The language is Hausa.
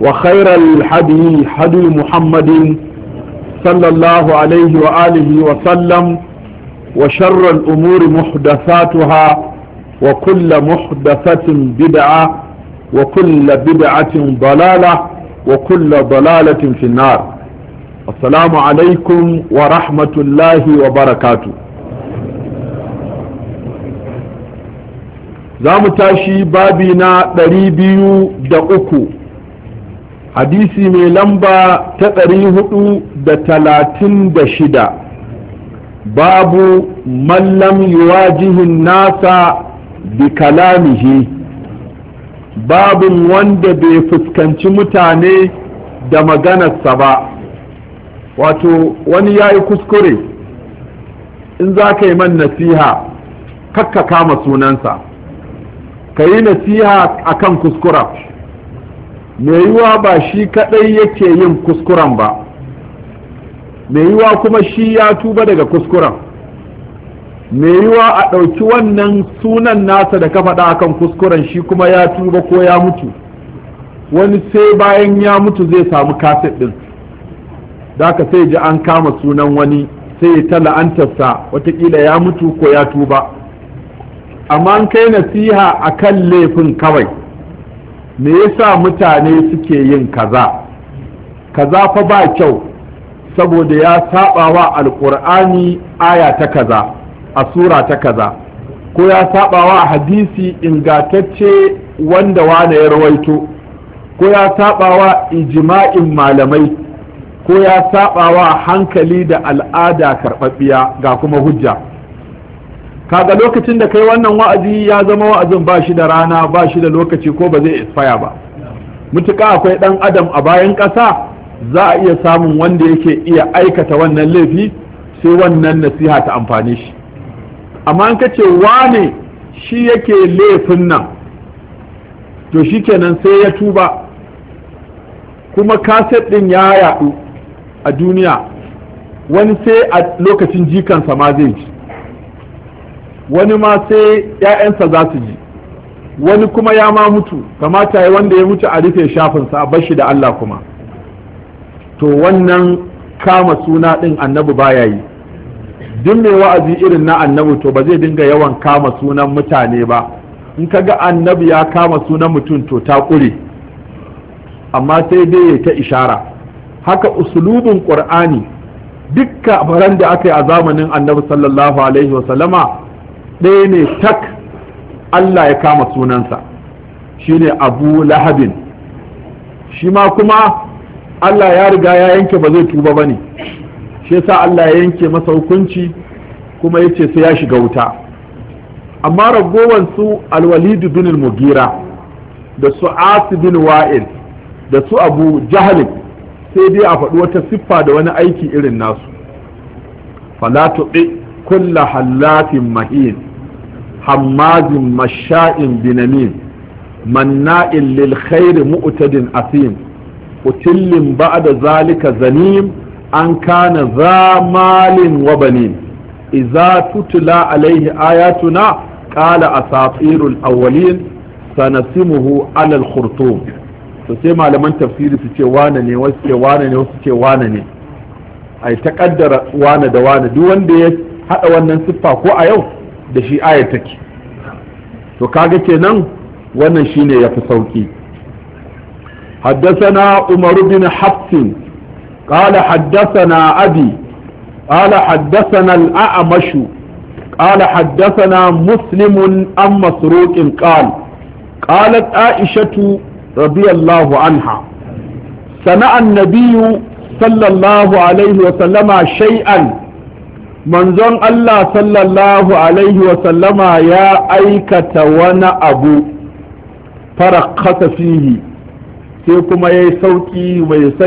وخير الحدي حدي محمد صلى الله عليه وآله وسلم وشر الأمور محدثاتها وكل محدثة بدعة وكل بدعة ضلالة وكل ضلالة في النار السلام عليكم ورحمة الله وبركاته زامتاشي mu دريبيو دقوكو hadisi mai lamba ta ɗari hudu da talatin da shida babu mallam yuwajihin nasa bi kalamihi babin wanda bai fuskanci mutane da maganarsa ba wato wani ya yi kuskure in za ka yi man nasiha kakka kama sunansa ka yi nasiha akan kuskura mai yiwa ba shi kaɗai yake yin kuskuren ba mai yiwa kuma shi ya tuba daga kuskuren mai yiwa a ɗauki wannan sunan nasa da ka faɗa akan kuskuren shi kuma ya tuba ko ya mutu wani sai bayan ya mutu zai samu kaset ɗin da ka sai ji an kama sunan wani sai ya tala an la'antarsa watakila ya mutu ko ya tuba amma an kai nasiha a kan laifin kawai me yasa mutane suke yin kaza kaza fa ba kyau saboda ya saba wa alkur'ani aya ta kaza a sura ta kaza ko ya saba wa hadisi ingatacce wanda wane ya rawaito ko ya saba wa ijma'in malamai ko ya saba wa hankali da al'ada karɓaɓɓiya ga kuma hujja kaga lokacin da kai wannan wa'azi ya zama wa'azin ba shi da rana ba shi da lokaci ko ba zai expire ba mutuka akwai dan adam a bayan ƙasa za a iya samun wanda yake iya aikata wannan laifi sai wannan nasiha ta amfani shi amma an kace wane shi yake laifin nan to shikenan sai ya tuba kuma kaset din ya yaɗu a duniya wani sai a lokacin jikansa ma zai ji wani ma sai 'ya'yansa za su ji wani kuma ya ma mutu kamata ya wanda ya mutu a rufe shafinsa a bashi da Allah kuma to wannan kama suna ɗin annabi baya yi duk mai wa'azi irin na annabi to ba zai dinga yawan kama sunan mutane ba in ka ga annabi ya kama sunan mutum to ta ƙure amma sai dai ya ta ishara haka usulubin ƙur'ani dukka faran da aka yi a zamanin annabi sallallahu alaihi wasallama ɗaya ne tak Allah ya kama sunansa shine abu lahabin shi ma kuma Allah ya riga ya yanke ba zai tuba ba ne shi yasa Allah ya yanke masa hukunci kuma ya ce sai ya shiga wuta amma ragowar su alwalidu bin mugira da su asi bin wa'il da su abu jahalin sai dai a faɗi wata siffa da wani aiki irin nasu falatu كل حلاف مهين حماد مشاء بنميم مناء للخير مؤتد أثيم أتل بعد ذلك زنيم أن كان ذا مال وبنين إذا تتلى عليه آياتنا قال أساطير الأولين sanasimuhu alal khurtum to malaman tafsiri su ce wane ne wasu ce wane ne wasu ce wane ne ai wane da wane duk wanda ya haɗa wannan siffa ko a yau da shi ayar take to kaga kenan wannan shine yafi sauki حدثنا عمر بن حفص قال حدثنا أبي قال حدثنا الأعمش قال حدثنا مسلم عن مسروق قال قالت عائشة رضي الله عنها سمع النبي صلى الله عليه وسلم شيئا manzon Allah sallallahu alaihi wasallama ya aikata wani abu fara fihi sai kuma ya yi sauƙi mai